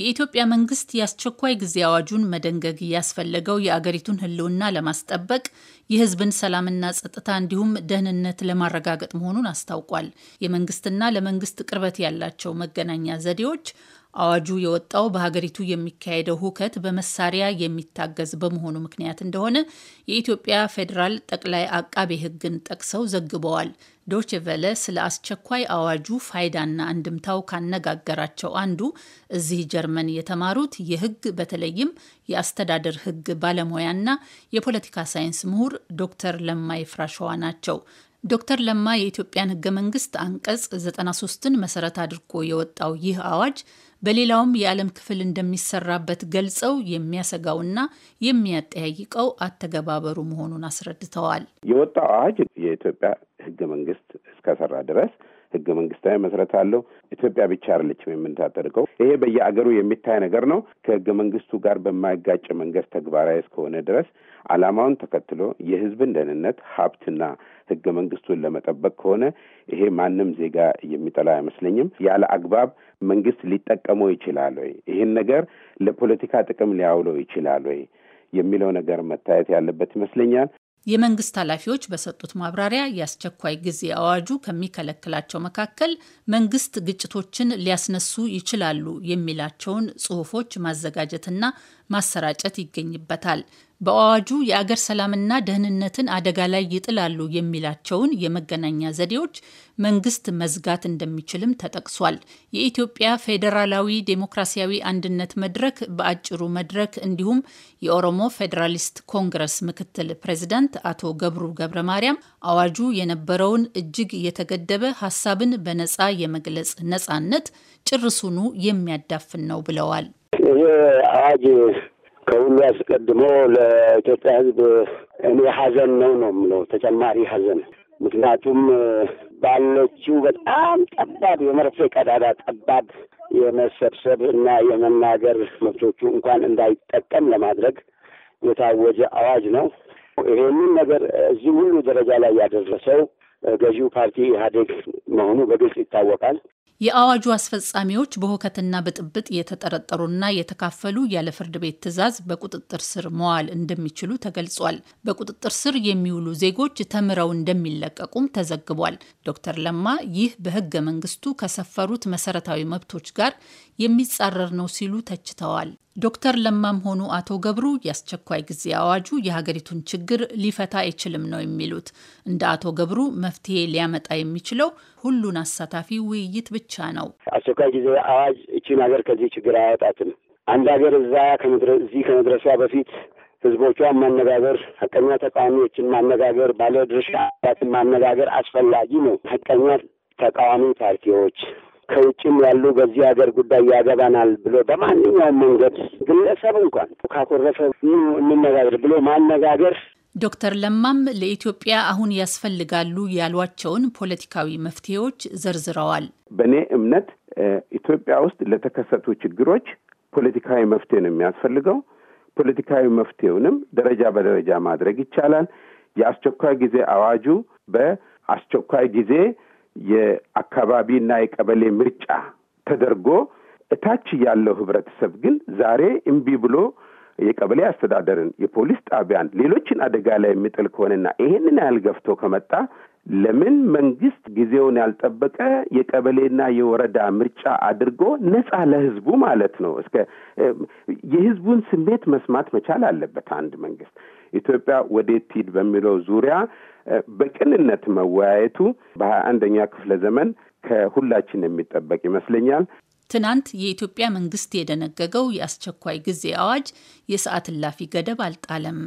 የኢትዮጵያ መንግስት የአስቸኳይ ጊዜ አዋጁን መደንገግ ያስፈለገው የአገሪቱን ህልውና ለማስጠበቅ የህዝብን ሰላምና ጸጥታ እንዲሁም ደህንነት ለማረጋገጥ መሆኑን አስታውቋል። የመንግስትና ለመንግስት ቅርበት ያላቸው መገናኛ ዘዴዎች አዋጁ የወጣው በሀገሪቱ የሚካሄደው ሁከት በመሳሪያ የሚታገዝ በመሆኑ ምክንያት እንደሆነ የኢትዮጵያ ፌዴራል ጠቅላይ አቃቤ ሕግን ጠቅሰው ዘግበዋል። ዶች ቨለ ስለ አስቸኳይ አዋጁ ፋይዳና አንድምታው ካነጋገራቸው አንዱ እዚህ ጀርመን የተማሩት የህግ በተለይም የአስተዳደር ህግ ባለሙያና የፖለቲካ ሳይንስ ምሁር ዶክተር ለማይ ፍራሸዋ ናቸው። ዶክተር ለማ የኢትዮጵያን ህገ መንግስት አንቀጽ 93ን መሰረት አድርጎ የወጣው ይህ አዋጅ በሌላውም የዓለም ክፍል እንደሚሰራበት ገልጸው የሚያሰጋውና የሚያጠያይቀው አተገባበሩ መሆኑን አስረድተዋል። የወጣው አዋጅ የኢትዮጵያ ህገ መንግስት እስከሰራ ድረስ ህገ መንግስታዊ መሰረት አለው። ኢትዮጵያ ብቻ አይደለችም የምንታጠርቀው። ይሄ በየአገሩ የሚታይ ነገር ነው። ከህገ መንግስቱ ጋር በማይጋጭ መንገድ ተግባራዊ እስከሆነ ድረስ አላማውን ተከትሎ የህዝብን ደህንነት ሀብትና ህገ መንግስቱን ለመጠበቅ ከሆነ ይሄ ማንም ዜጋ የሚጠላ አይመስለኝም። ያለ አግባብ መንግስት ሊጠቀመው ይችላል ወይ? ይህን ነገር ለፖለቲካ ጥቅም ሊያውለው ይችላል ወይ የሚለው ነገር መታየት ያለበት ይመስለኛል። የመንግስት ኃላፊዎች በሰጡት ማብራሪያ የአስቸኳይ ጊዜ አዋጁ ከሚከለክላቸው መካከል መንግስት ግጭቶችን ሊያስነሱ ይችላሉ የሚላቸውን ጽሁፎች ማዘጋጀትና ማሰራጨት ይገኝበታል። በአዋጁ የአገር ሰላምና ደህንነትን አደጋ ላይ ይጥላሉ የሚላቸውን የመገናኛ ዘዴዎች መንግስት መዝጋት እንደሚችልም ተጠቅሷል። የኢትዮጵያ ፌዴራላዊ ዴሞክራሲያዊ አንድነት መድረክ በአጭሩ መድረክ እንዲሁም የኦሮሞ ፌዴራሊስት ኮንግረስ ምክትል ፕሬዚዳንት አቶ ገብሩ ገብረ ማርያም አዋጁ የነበረውን እጅግ የተገደበ ሀሳብን በነፃ የመግለጽ ነፃነት ጭርሱኑ የሚያዳፍን ነው ብለዋል። ይህ አዋጅ ከሁሉ አስቀድሞ ለኢትዮጵያ ሕዝብ እኔ ሀዘን ነው ነው የምለው ተጨማሪ ሀዘን ምክንያቱም ባለችው በጣም ጠባብ የመርፌ ቀዳዳ ጠባብ የመሰብሰብ እና የመናገር መብቶቹ እንኳን እንዳይጠቀም ለማድረግ የታወጀ አዋጅ ነው። ይሄንን ነገር እዚህ ሁሉ ደረጃ ላይ ያደረሰው ገዢው ፓርቲ ኢህአዴግ መሆኑ በግልጽ ይታወቃል። የአዋጁ አስፈጻሚዎች በሁከትና ብጥብጥ የተጠረጠሩና የተካፈሉ ያለ ፍርድ ቤት ትዕዛዝ በቁጥጥር ስር መዋል እንደሚችሉ ተገልጿል። በቁጥጥር ስር የሚውሉ ዜጎች ተምረው እንደሚለቀቁም ተዘግቧል። ዶክተር ለማ ይህ በህገ መንግስቱ ከሰፈሩት መሰረታዊ መብቶች ጋር የሚጻረር ነው ሲሉ ተችተዋል። ዶክተር ለማም ሆኑ አቶ ገብሩ የአስቸኳይ ጊዜ አዋጁ የሀገሪቱን ችግር ሊፈታ አይችልም ነው የሚሉት። እንደ አቶ ገብሩ መፍትሄ ሊያመጣ የሚችለው ሁሉን አሳታፊ ውይይት ብቻ ነው። አስቸኳይ ጊዜ አዋጅ እቺን ሀገር ከዚህ ችግር አያወጣትም። አንድ ሀገር እዛ እዚህ ከመድረሷ በፊት ህዝቦቿን ማነጋገር፣ ሀቀኛ ተቃዋሚዎችን ማነጋገር፣ ባለድርሻ ማነጋገር አስፈላጊ ነው። ሀቀኛ ተቃዋሚ ፓርቲዎች ከውጭም ያሉ በዚህ ሀገር ጉዳይ ያገባናል ብሎ በማንኛውም መንገድ ግለሰብ እንኳን ካኮረፈ እንነጋገር ብሎ ማነጋገር ዶክተር ለማም ለኢትዮጵያ አሁን ያስፈልጋሉ ያሏቸውን ፖለቲካዊ መፍትሄዎች ዘርዝረዋል። በእኔ እምነት ኢትዮጵያ ውስጥ ለተከሰቱ ችግሮች ፖለቲካዊ መፍትሄ ነው የሚያስፈልገው። ፖለቲካዊ መፍትሄውንም ደረጃ በደረጃ ማድረግ ይቻላል። የአስቸኳይ ጊዜ አዋጁ በአስቸኳይ ጊዜ የአካባቢና የቀበሌ ምርጫ ተደርጎ እታች ያለው ህብረተሰብ ግን ዛሬ እምቢ ብሎ የቀበሌ አስተዳደርን፣ የፖሊስ ጣቢያን፣ ሌሎችን አደጋ ላይ የሚጥል ከሆነና ይሄንን ያህል ገፍቶ ከመጣ ለምን መንግስት ጊዜውን ያልጠበቀ የቀበሌና የወረዳ ምርጫ አድርጎ ነጻ ለህዝቡ ማለት ነው። እስከ የህዝቡን ስሜት መስማት መቻል አለበት። አንድ መንግስት ኢትዮጵያ ወዴት ሂድ በሚለው ዙሪያ በቅንነት መወያየቱ በሀያ አንደኛ ክፍለ ዘመን ከሁላችን የሚጠበቅ ይመስለኛል። ትናንት የኢትዮጵያ መንግስት የደነገገው የአስቸኳይ ጊዜ አዋጅ የሰዓት እላፊ ገደብ አልጣለም።